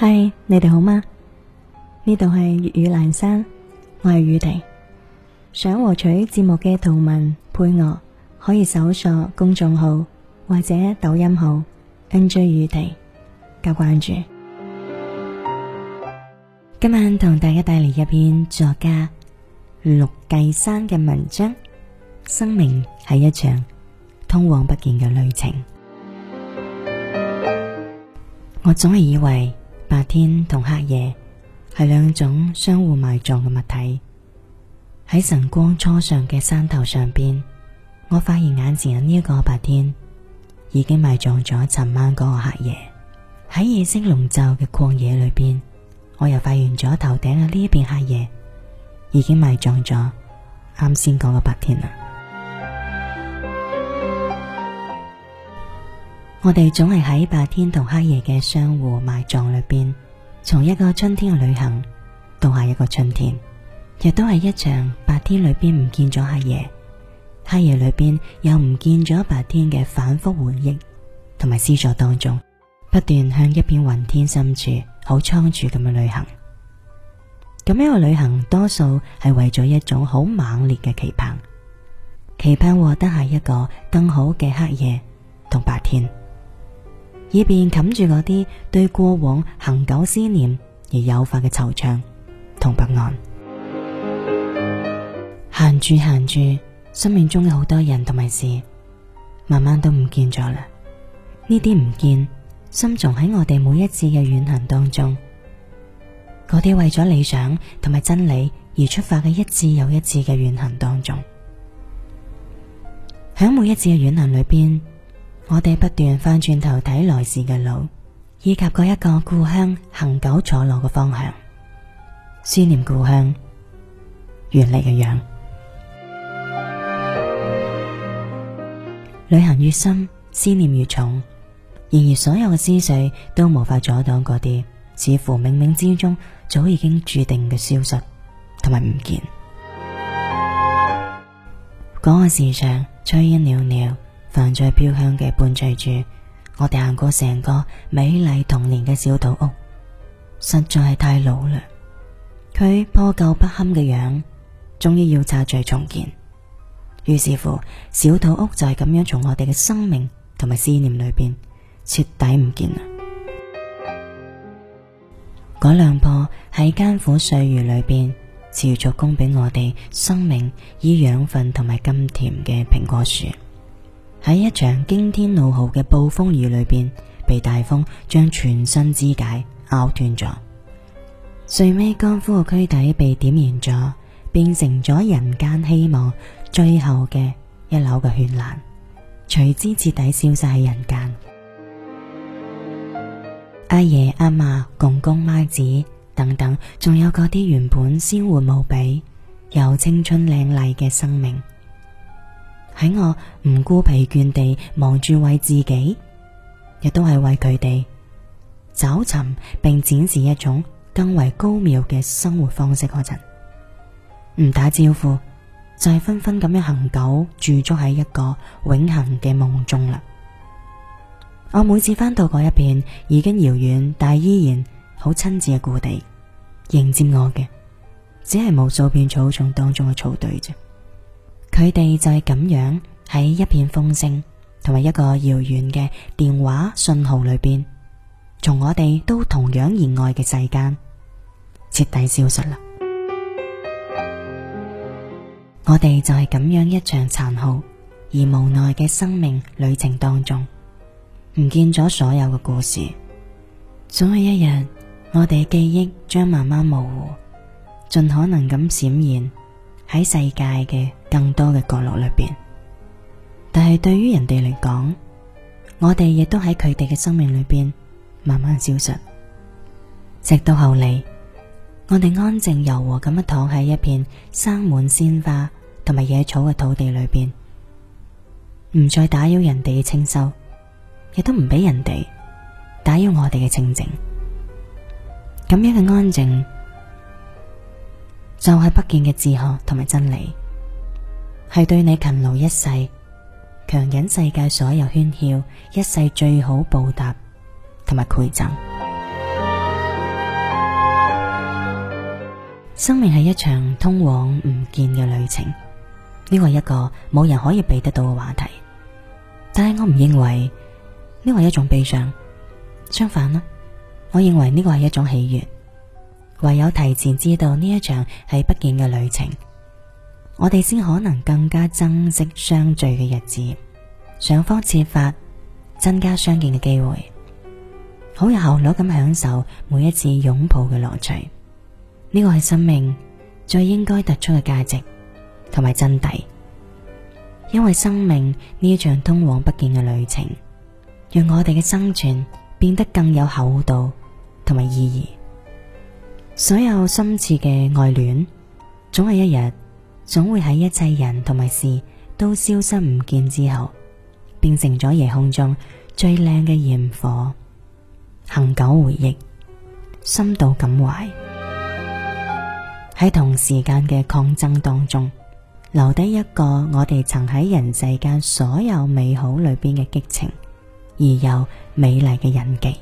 嗨，你哋好嗎？呢度係粵語闌珊，我係雨婷。想獲取節目嘅圖文配樂，可以搜索公眾號或者抖音號 NJ 雨婷，加關注。今晚同大家帶嚟一篇作家陸繼山嘅文章《生命係一場通往不見嘅旅程》。我總係以為。白天同黑夜係兩種相互埋葬嘅物體。喺晨光初上嘅山頭上邊，我發現眼前嘅呢一個白天已經埋葬咗尋晚嗰個黑夜。喺夜色籠罩嘅曠野裏邊，我又發現咗頭頂嘅呢一片黑夜已經埋葬咗啱先嗰個白天啦。我哋總係喺白天同黑夜嘅相互埋葬裏邊，從一個春天嘅旅行到下一個春天，亦都係一場白天裏邊唔見咗黑夜，黑夜裏邊又唔見咗白天嘅反復回憶同埋思索當中，不斷向一片雲天深處好倉促咁嘅旅行。咁樣嘅旅行，多數係為咗一種好猛烈嘅期盼，期盼獲得下一個更好嘅黑夜同白天。以便冚住嗰啲對過往恒久思念而誘發嘅惆悵同不安。行住行住，生命中有好多人同埋事，慢慢都唔見咗啦。呢啲唔見，深藏喺我哋每一次嘅遠行當中。嗰啲為咗理想同埋真理而出發嘅一次又一次嘅遠行當中，喺每一次嘅遠行裏邊。我哋不斷翻轉頭睇來時嘅路，以及嗰一個故鄉行久坐落嘅方向，思念故鄉原嚟嘅樣。 旅行越深，思念越重，然而所有嘅思緒都無法阻擋嗰啲，似乎冥冥之中早已經注定嘅消失同埋唔見。嗰 個世上炊煙裊裊。飯在飄香嘅伴隨住我哋行過成個美麗童年嘅小土屋，實在係太老啦。佢破舊不堪嘅樣，終於要拆除重建。於是乎，小土屋就係咁樣從我哋嘅生命同埋思念裏邊徹底唔見啦。嗰兩棵喺艱苦歲月裏邊持續供俾我哋生命以養分同埋甘甜嘅蘋果樹。喺一場驚天怒號嘅暴風雨裏邊，被大風將全身肢解咬斷咗，最尾乾枯嘅軀體被點燃咗，變成咗人間希望最後嘅一縷嘅絢爛，隨之徹底消失喺人間。阿爺阿嫲公公媽，媽子等等，仲有嗰啲原本鮮活無比又青春靚麗嘅生命。喺我唔顧疲倦地忙住為自己，亦都係為佢哋找尋並展示一種更為高妙嘅生活方式嗰陣，唔打招呼就係紛紛咁樣恒久駐足喺一個永恒嘅夢中啦。我每次翻到嗰一片已經遙遠但依然好親自嘅故地，迎接我嘅只係無數片草叢當中嘅草堆啫。佢哋就係咁樣喺一片風聲同埋一個遙遠嘅電話信號裏邊，從我哋都同樣熱愛嘅世間徹底消失啦。 我哋就係咁樣一場殘酷而無奈嘅生命旅程當中，唔見咗所有嘅故事。總有一日，我哋嘅記憶將慢慢模糊，盡可能咁閃現喺世界嘅，更多嘅角落裏邊，但係對於人哋嚟講，我哋亦都喺佢哋嘅生命裏邊慢慢消失，直到後嚟，我哋安靜柔和咁樣躺喺一片生滿鮮花同埋野草嘅土地裏邊，唔再打擾人哋嘅清修，亦都唔俾人哋打擾我哋嘅清靜。咁樣嘅安靜就係不見嘅自學同埋真理。係對你勤勞一世、強忍世界所有喧囂，一世最好報答同埋饋贈。 生命係一場通往唔見嘅旅程，呢個一個冇人可以避得到嘅話題。但係我唔認為呢個係一種悲傷，相反啦，我認為呢個係一種喜悅。唯有提前知道呢一場喺不見嘅旅程，我哋先可能更加珍惜相聚嘅日子，想方設法增加相見嘅機會，好有效率咁享受每一次擁抱嘅樂趣。呢個係生命最應該突出嘅價值同埋真諦，因為生命呢一場通往不見嘅旅程，讓我哋嘅生存變得更有厚度同埋意義。所有深切嘅愛戀，總係一日，.總會喺一切人同埋事都消失唔見之後，變成咗夜空中最靚嘅焰火，恆久回憶，深度感懷。喺同時間嘅抗爭當中，留低一個我哋曾喺人世間所有美好裏邊嘅激情，而又美麗嘅印記。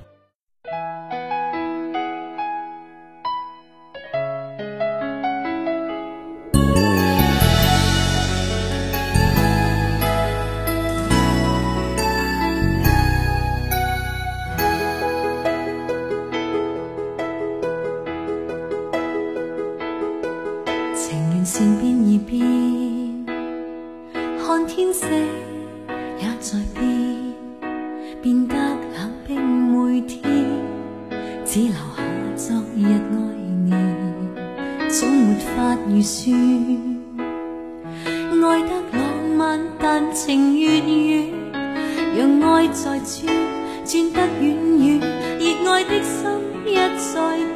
只留下昨日愛念，總沒法預算。愛得浪漫，但情越遠。讓愛在轉轉得遠遠，熱愛的心一再。